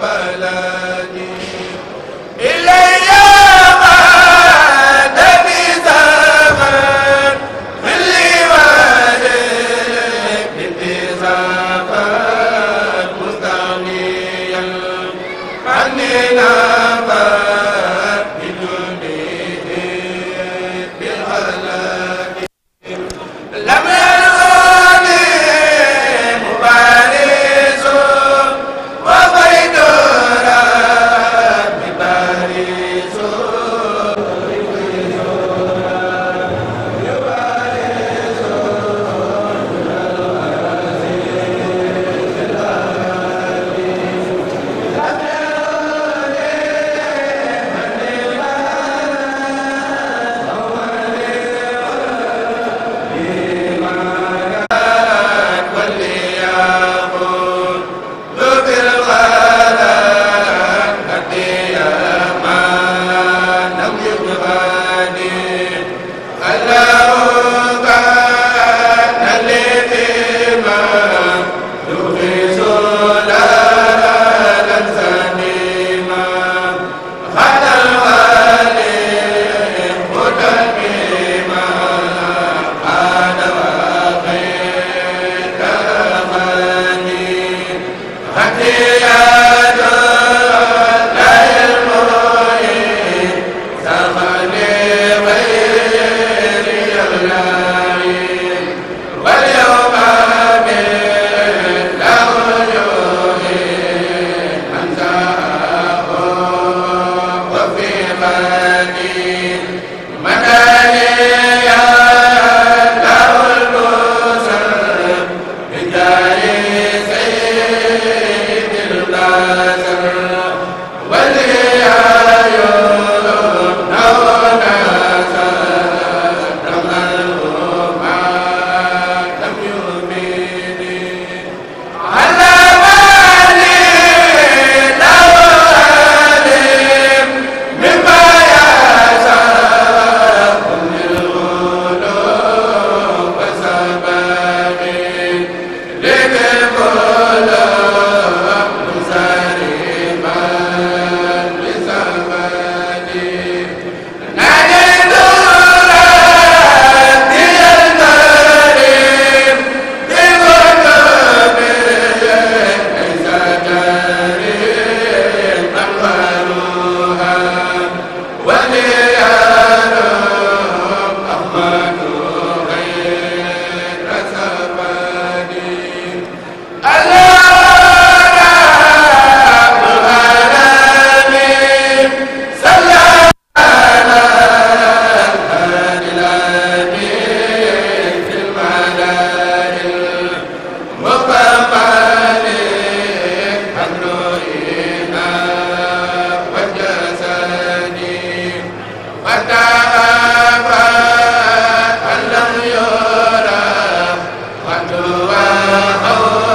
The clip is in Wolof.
bala wa